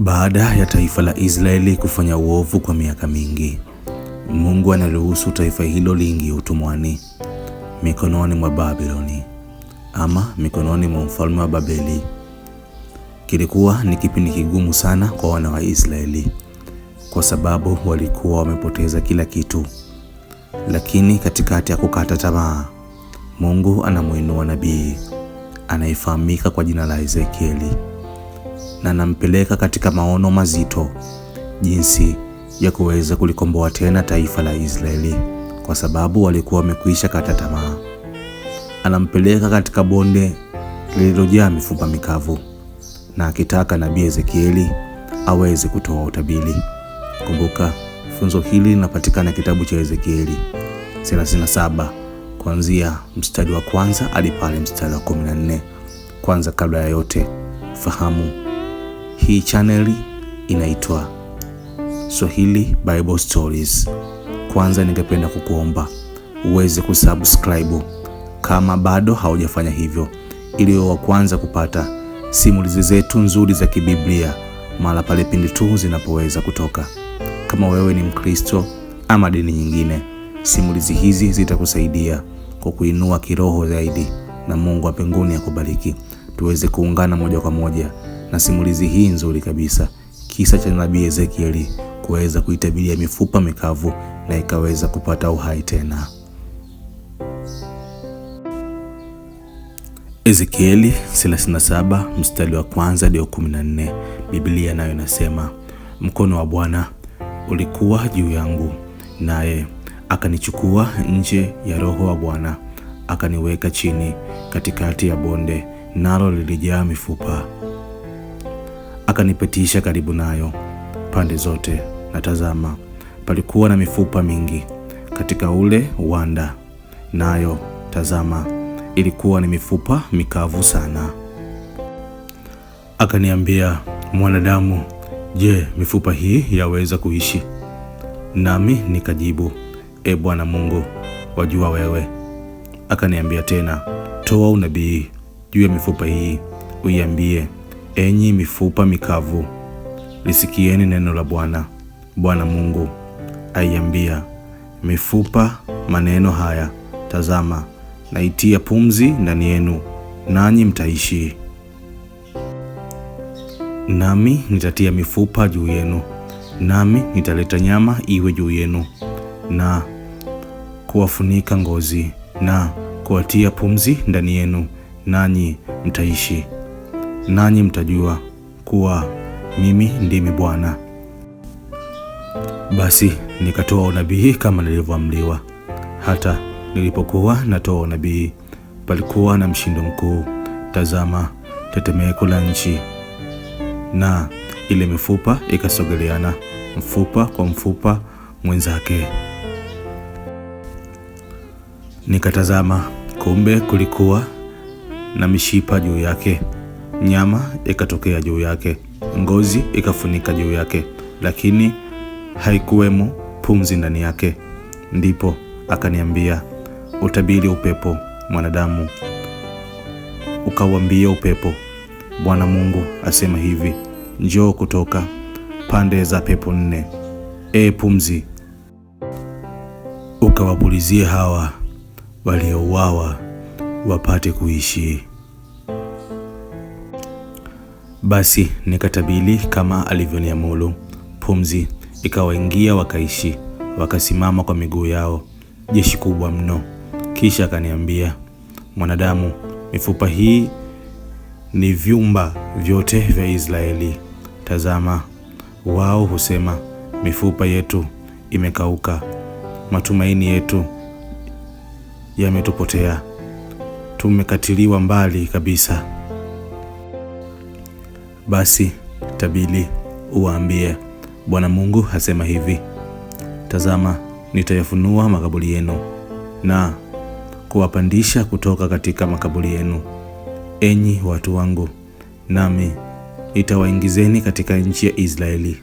Baada ya taifa la Israeli kufanya uovu kwa miaka mingi, Mungu anaruhusu taifa hilo liingie utumwani mikononi mwa Babiloni ama mikononi mwa mfalme wa Babeli. Kilikuwa ni kipindi kigumu sana kwa wana wa Israeli kwa sababu walikuwa wamepoteza kila kitu, lakini katikati ya kukata tamaa, Mungu anamuinua nabii anayefahamika kwa jina la Ezekieli na anampeleka katika maono mazito jinsi ya kuweza kulikomboa tena taifa la Israeli kwa sababu walikuwa wamekwisha kata tamaa. Anampeleka katika bonde lililojaa mifupa mikavu na akitaka nabii Ezekieli aweze kutoa utabiri. Kumbuka funzo hili linapatikana kitabu cha Ezekieli 37 kuanzia mstari wa kwanza hadi pale mstari wa 14. Kwanza kabla ya yote fahamu hii chaneli inaitwa Swahili Bible Stories. Kwanza ningependa kukuomba uweze kusubscribe kama bado haujafanya hivyo, ili wa kwanza kupata simulizi zetu nzuri za kibiblia mara pale pindi tu zinapoweza kutoka. Kama wewe ni Mkristo ama dini nyingine, simulizi hizi zitakusaidia kwa kuinua kiroho zaidi, na Mungu wa mbinguni akubariki. Tuweze kuungana moja kwa moja na simulizi hii nzuri kabisa, kisa cha nabii Ezekieli kuweza kuitabiria mifupa mikavu na ikaweza kupata uhai tena. Ezekieli 37 mstari wa kwanza hadi wa 14, Biblia nayo inasema mkono wa Bwana ulikuwa juu yangu, naye akanichukua nje ya roho wa Bwana, akaniweka chini katikati ya bonde, nalo lilijaa mifupa Akanipitisha karibu nayo pande zote, na tazama, palikuwa na mifupa mingi katika ule uwanda, nayo tazama, ilikuwa ni mifupa mikavu sana. Akaniambia, mwanadamu, je, mifupa hii yaweza kuishi? Nami nikajibu, e Bwana Mungu, wajua wewe. Akaniambia tena, toa unabii juu ya mifupa hii, uiambie Enyi mifupa mikavu, lisikieni neno la Bwana. Bwana Mungu aiambia mifupa maneno haya, tazama, naitia pumzi ndani yenu, nanyi mtaishi. Nami nitatia mifupa juu yenu, nami nitaleta nyama iwe juu yenu, na kuwafunika ngozi, na kuwatia pumzi ndani yenu, nanyi mtaishi nanyi mtajua kuwa mimi ndimi Bwana. Basi nikatoa unabii kama nilivyoamriwa. Hata nilipokuwa natoa unabii, palikuwa na mshindo mkuu. Tazama, tetemeko la nchi, na ile mifupa ikasogeleana mfupa kwa mfupa mwenzake. Nikatazama, kumbe kulikuwa na mishipa juu yake nyama ikatokea juu yake, ngozi ikafunika juu yake, lakini haikuwemo pumzi ndani yake. Ndipo akaniambia, utabiri upepo mwanadamu, ukawambia upepo, Bwana Mungu asema hivi, njoo kutoka pande za pepo nne, e pumzi, ukawapulizie hawa waliouawa wapate kuishi. Basi nikatabili kama alivyoniamuru. Pumzi ikawaingia, wakaishi, wakasimama kwa miguu yao, jeshi kubwa mno. Kisha akaniambia, mwanadamu, mifupa hii ni vyumba vyote vya Israeli. Tazama, wao husema mifupa yetu imekauka, matumaini yetu yametupotea, tumekatiliwa mbali kabisa. Basi tabili uwaambie, Bwana Mungu hasema hivi, tazama, nitayafunua makaburi yenu na kuwapandisha kutoka katika makaburi yenu, enyi watu wangu, nami nitawaingizeni katika nchi ya Israeli,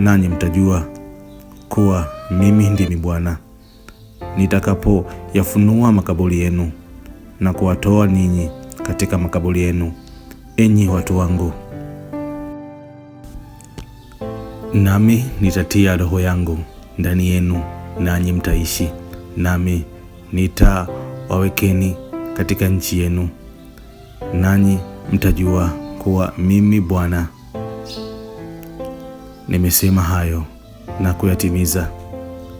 nanyi mtajua kuwa mimi ndimi Bwana nitakapoyafunua makaburi yenu na kuwatoa ninyi katika makaburi yenu enyi watu wangu, nami nitatia roho yangu ndani yenu, nanyi mtaishi, nami nitawawekeni katika nchi yenu, nanyi mtajua kuwa mimi Bwana nimesema hayo na kuyatimiza,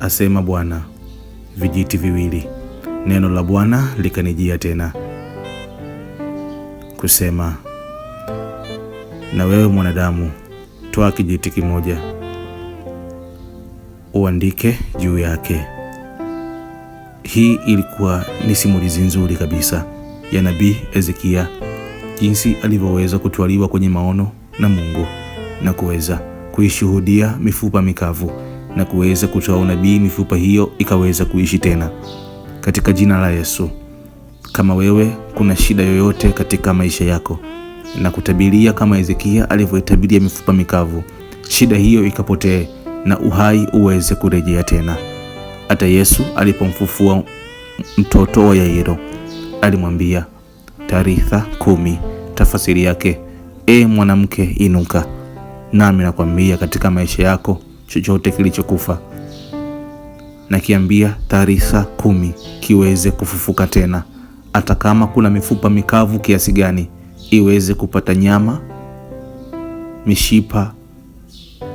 asema Bwana. Vijiti viwili. Neno la Bwana likanijia tena kusema na wewe mwanadamu, twaa kijiti kimoja uandike juu yake. Hii ilikuwa ni simulizi nzuri kabisa ya nabii Hezekia, jinsi alivyoweza kutwaliwa kwenye maono na Mungu na kuweza kuishuhudia mifupa mikavu na kuweza kutoa unabii, mifupa hiyo ikaweza kuishi tena katika jina la Yesu. Kama wewe kuna shida yoyote katika maisha yako na kutabiria kama Hezekia alivyoitabiria mifupa mikavu, shida hiyo ikapotee na uhai uweze kurejea tena. Hata Yesu alipomfufua mtoto wa Yairo alimwambia Taritha kumi, tafasiri yake e, mwanamke inuka. Nami nakwambia katika maisha yako chochote kilichokufa nakiambia Taritha kumi kiweze kufufuka tena, hata kama kuna mifupa mikavu kiasi gani iweze kupata nyama, mishipa,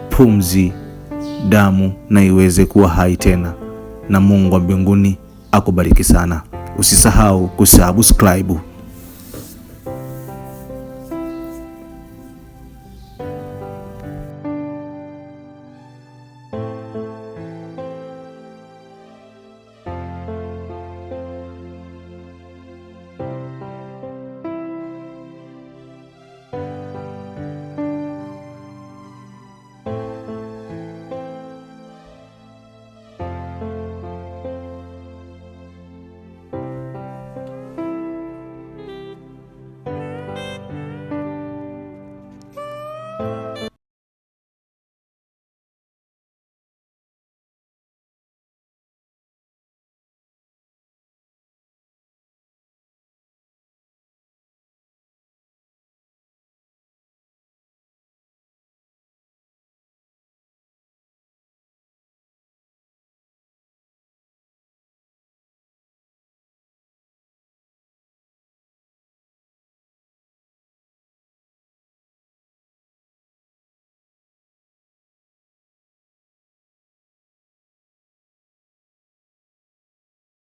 pumzi, damu na iweze kuwa hai tena. Na Mungu wa mbinguni akubariki sana. Usisahau kusubscribe.